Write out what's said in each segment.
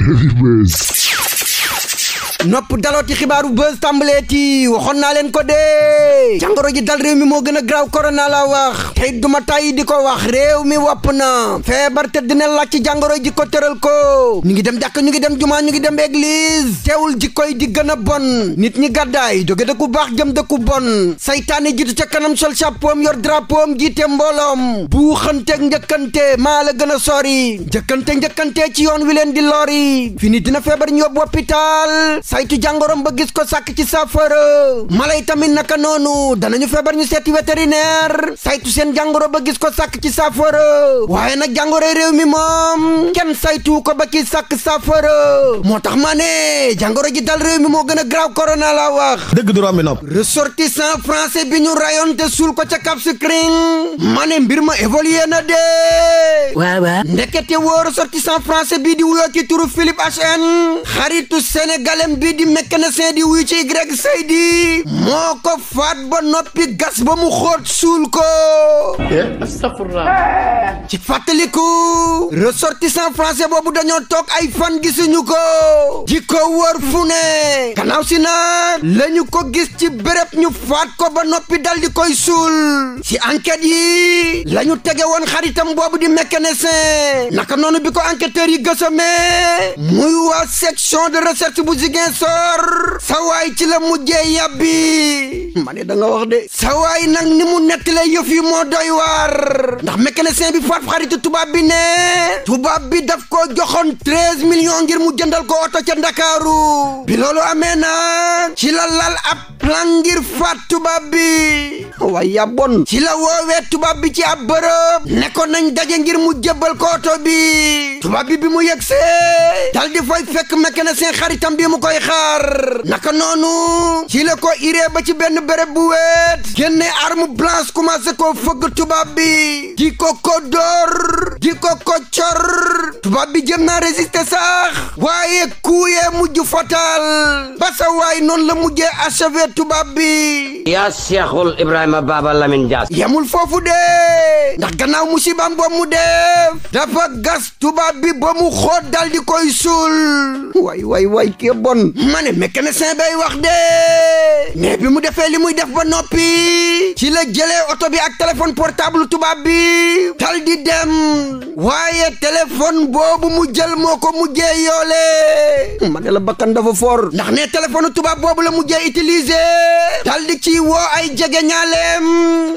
Heavy Mess. nopp dalooti xibaaru buzz tàmbalee ti waxoon naa leen ko dee jangoro ji dal réew mi moo gën a graw korona la wax gu duma tàyyi di ko wax réew mi wopp na feebar te dina laaj ci jàngoro ji ko tëral ko ñu ngi dem jàkk ñu ngi dem jumaa ñu ngi dem église teewul ji koy di gën a bon nit ñi gàddaay jóge dëkku baax jëm dëkku bon saytaane ji ca kanam sol chapeau yor drapeau jiite mbooloom buuxanteeg njëkkante maa la gën a sori njëkkante njëkkante ci yoon wi leen di lori fini dina feebar ñu yóbbu saytu jàngorom ba gis ko sàkk ci saafara mala yi tamit naka noonu danañu feebar ñu seeti vétérinaire saytu seen jàngoro ba gis ko sàkk ci saafara waaye nag jàngoroy réew mi moom kenn saytu ko ba ki sàkk saafara moo tax maa ne jàngoro ji dal réew mi moo gën a grave corona laa wax dëgg du rombi nopp ressortissant bi ñu rayon te suul ko ca Cap Skirring ma ne mbir ma évolué na de waaw waaw ndekete woo ressortissant français bi di wuyoo ci turu Philippe HN xaritu sénégalais bi di mécanicien di wuyu ci Y moo ko faat ba noppi gas ba mu xóot suul ko astafurlah ci fàttaliku ressortissant français boobu dañoo toog ay fan gisuñu ko ji ko wër fu ne kanaaw si na lañu ko gis ci béréb ñu faat ko ba noppi dal di koy suul ci enquête yi lañu tege woon xaritam boobu di mécanicien naka noonu bi ko enquêteurs yi gësamee muy waa section de recherche bu Ziguinchor trésor sawaay ci la mujjee yàbbi ma ne da wax de sawaay nag ni mu nettalee yëf yi moo doy waar ndax mécanicien bi faat xaritu tubaab bi ne tubaab bi daf ko joxoon treize millions ngir mu jëndal ko oto ca ndakaaru bi loolu ci la lal ab plan ngir faat tubaab bi waaye bon ci la woowee tubaab bi ci ab bërëb ne ko nañ daje ngir mu jébbal ko oto bi tubaab bi bi mu yëgsee dal di fay fekk mécanicien xaritam bi mu koy xaar naka noonu ci la ko iree ba benn béréb bu weet génne arme blanche commencé koo fëgg tubaab bi di ko ko dóor di ko ko cor tubaab bi jëm naa résister sax waaye kuuyee mujj fatal sa waay noonu la mu mujjee achevé tubaab bi yaa seexul Ibrahima Baba Lamine Dias yemul foofu dee ndax gannaaw musibaam boobu mu def dafa gas tubaab bi ba mu xóot di koy suul waay waay waay kee bon ma ne mécanicien bay wax dee mais mu defee li muy def ba noppi ci la jëlee oto bi ak téléphone portable tubaab bi tal di dem waaye téléphone boobu mu jël moo ko mujjee yoole ma ne la bakkan dafa for ndax ne téléphone tubaab boobu la mu utilisé tal di ci woo ay jege ñaaleem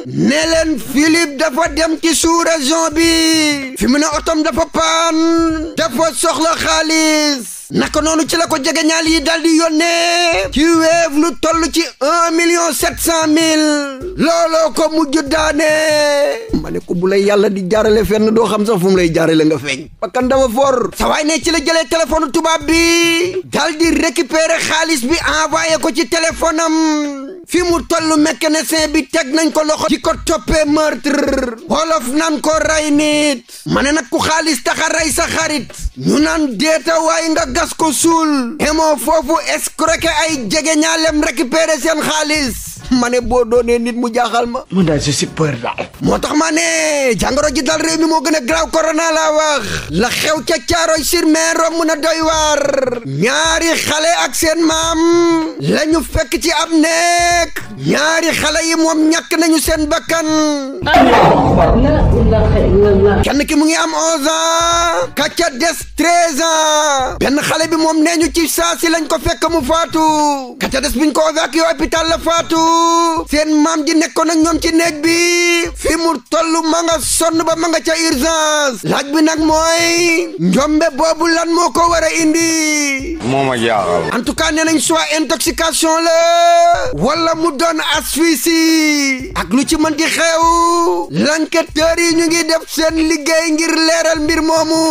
ne dafa dem ci sous-région bi fi mu ne otom dafa paan dafa soxla xaalis naka noonu ci la ko jege yi dal di yónnee ci Wave lu toll ci un million sept cent mille looloo ko mujj daane ma ne ko bu yàlla di jaarale fenn doo xam sa fu mu lay jaarale nga feeñ bakkan dafa for sa waay ne ci la jëlee téléphone tubaab bi dal di récupérer xaalis bi envoyé ko ci téléphone am fi mu toll mécanicien bi teg nañ ko loxo di ko toppee meurtre wolof nan ko rey nit ma ne nag ku xaalis taxa rey sa xarit ñu naan deeta waay nga gas ko suul emoo foofu escroquer ay jege ñaalem récupérer xaalis ma ne boo doonee nit mu jaaxal ma. mu moo tax ma ne jàngoro ji daal réew moo gën a graaw corona laa wax la xew ca Caaroy sur Mer mu na doy waar ñaari xale ak seen maam lañu fekk ci ab nekk ñaari xale yi moom ñàkk nañu seen bakkan. kenn ki mu ngi am 11 ans ka ca des 13 benn xale bi moom nee ñu ci saa si lañ ko fekk mu faatu ka des buñ ko évacué hôpital la faatu. seen maam ji nekkoon ak ñoom ci néeg bi fi mu tollu ma nga sonn ba manga ca urgence laaj bi nag mooy njombe boobu lan moo ko war indi moo ma jaaxal en tout cas nee nañ soit intoxication la wala mu doon asphyxie ak lu ci mën di xew l'enquêteur yi ngi def seen liggéey ngir leeral mbir moomu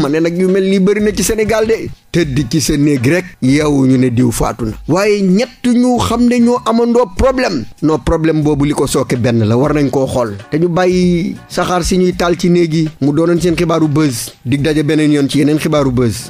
ma ne nag yu mel nii bëri ci Sénégal de tëdd ci sa néeg rek yow ñu ne diw faatu na waaye ñett ñu xam ne ñoo amandoo problème non problème boobu li ko sooke benn la war nañ koo xool te ñu bàyyi saxaar si ñuy taal ci néeg yi mu doonoon seen xibaaru buzz di daje beneen yoon ci yeneen xibaaru buzz